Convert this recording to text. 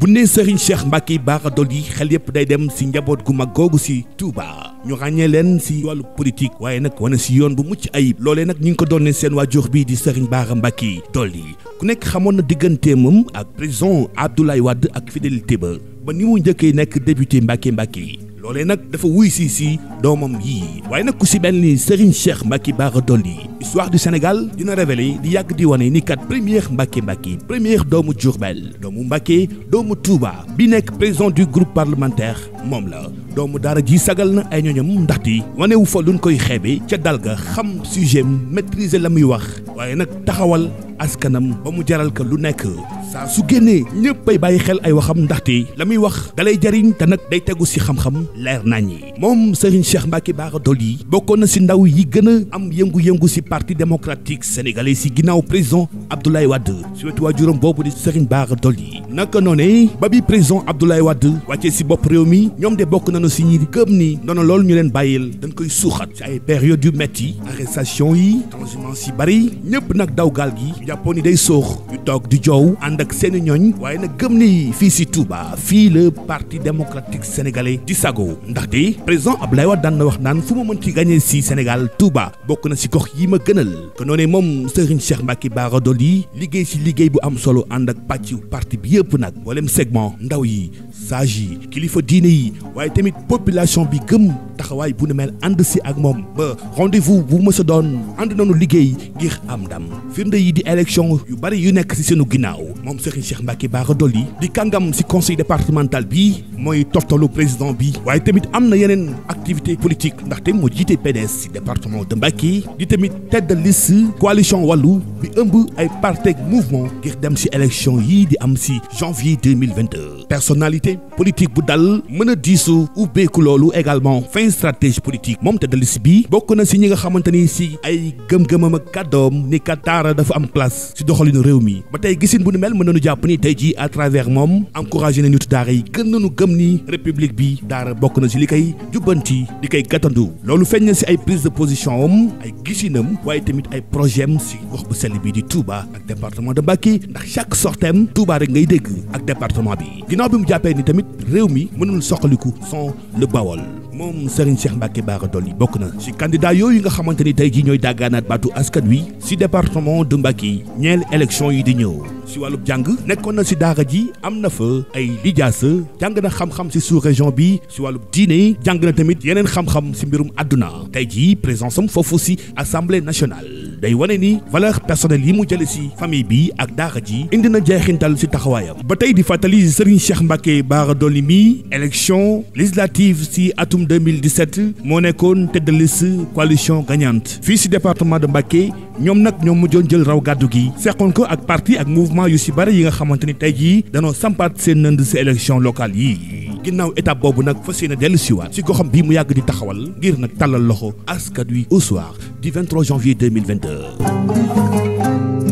bu nee Serigne Cheikh Mbacke Bara Dolly xel yëpp day dem si njaboot gu mag googu si Touba ñu ràññee leen si wàllu politique waaye nag wane si yoon bu mucc ayib loolee nag ñu ngi ko doonee seen waajur bii di baax Serigne Bara Mbacke yi ku nekk xamoon na digganteemam ak président Abdoulaye Wade ak fidélité ba ba ni mu njëkkee nekk député Mbacke Mbacke. loolee nag dafa wuy si si doomam yii waaye nag ku si mel ni Serigne Cheikh Mbacké Bara Dolly histoire du Sénégal dina révélé di yàgg di wane ni kat première Mbacké Mbacké première doomu Diourbel doomu Mbacké doomu Touba bi nekk président du groupe parlementaire moom la doomu daara ji sagal na ay ñoñam ndaxte wane wu fa luñ koy xeebe ca dalga ga xam sujet maîtriser la muy wax waaye nag taxawal askanam ba mu jaral ko lu nekk saa su génnee ñëpp ay bàyyi xel ay waxam ndaxte la muy wax dalay jariñ te nag day tegu si xam-xam leer nañ yi moom Serigne Cheikh Mbacké Bara Dolly bokkoon na si ndaw yi gën a am yëngu-yëngu si parti démocratique sénégalais si ginnaaw président Abdoulaye Wade si wetu waa waajuram boobu di baax Serigne Bara Dolly naka noonee ba bi président Abdoulaye wàdd wàccee si bopp réew mi ñoom de bokk nañu si ñi gëm ni noonu loolu ñu leen bàyyil dañ koy suuxat ci ay période yu metti arrestation yi transhumance yi bari ñëpp nag daw gaal gi ñu jàppoon day soox toog di joow ànd ak seeni ñooñ waaye nag gëm ni fii si Touba fii la parti démocratique sénégalais di sago ndaxte président Abdoulaye Wade daan na wax naan fu ma mën ci gagné si Sénégal Touba bokk na si gox yi ma gënal que noonee moom Serigne Cheikh Mbacke Bara Dolly liggéey si liggéey bu am solo ànd ak pàccu parti bi yëpp nag mboolem segment ndaw yi sage yi kilifa diine yi waaye tamit population bi gëm. taxawaay bu ne mel ànd si ak moom ba rendez-vous bu mës a doon ànd nañu liggéey ngir am ndam firnde yi di élection yu bari yu nekk si seenu ginnaaw moom Serigne Cheikh baax Bara Dolly di kàngam si conseil départemental bi mooy toftalu président bi waaye tamit am na yeneen activité politique ndaxte moo jiite PDS si département de Mbacke di tamit tête de liste coalition wàllu bi ëmb ay parte ak mouvement ngir dem si élection yii di am si janvier 2022 personnalité politique bu dal mën a diisu ubbeeku loolu également ay stratégie politique moom te dalis bi bokk na si ñi nga xamante ni si ay gëm-gëmam ak kàddoom ni kat daara dafa am place si doxalinu réew mi ba tey gisin bu nu mel mën nañu jàpp ni tey ji à moom encouragé na nitu daara yi gën nañu gëm ni république bi daara bokk na si li koy jubbanti di koy gàttandu loolu feeñ na si ay prise de position am ay gisinam waaye tamit ay projet am si wax bu sell bi di Touba ak département de Mbacké ndax chaque sortem Touba rek ngay dégg a département bi ginnaaw bi mu jàppee ni tamit réew mi mënul soqaliku sans le Bawol moom Serigne Cheikh Mbacke Bara Dolly bokk na ci candidat yooyu nga xamante ni tey jii ñooy dàggaanaat baatu askan wi ci département de Mbacké ñeel élection yi di ñëw si wàllub jàng nekkoon na si daara ji am na fa ay lijaasa jàng na xam-xam si sous région bi si wàllub diine jàng na tamit yeneen xam-xam si mbirum àdduna tey jii présence am foofu si assemblée nationale day wane ni valeur personnelle yi mu jële si famille bi ak daara ji indi na jeexintal si taxawaayam ba tey di fàttali Serigne Cheikh Mbacké Bara Dolly mi élection législative si atum 2017 moo nekkoon tête de liste coalition gagnante fii si département de Mbacké ñoom nag ñoom joon jël raw gàddu gi seqoon ko ak parti ak mouvement yu si bëri yi nga xamante ni tey jii danoo sampaat seen nënd si élection locale yii ginnaaw étape boobu nag fas yéene dellu siwaat si goxam bii mu yàgg di taxawal ngir nag tàllal loxo askan wi au soir du 23 janvier 2022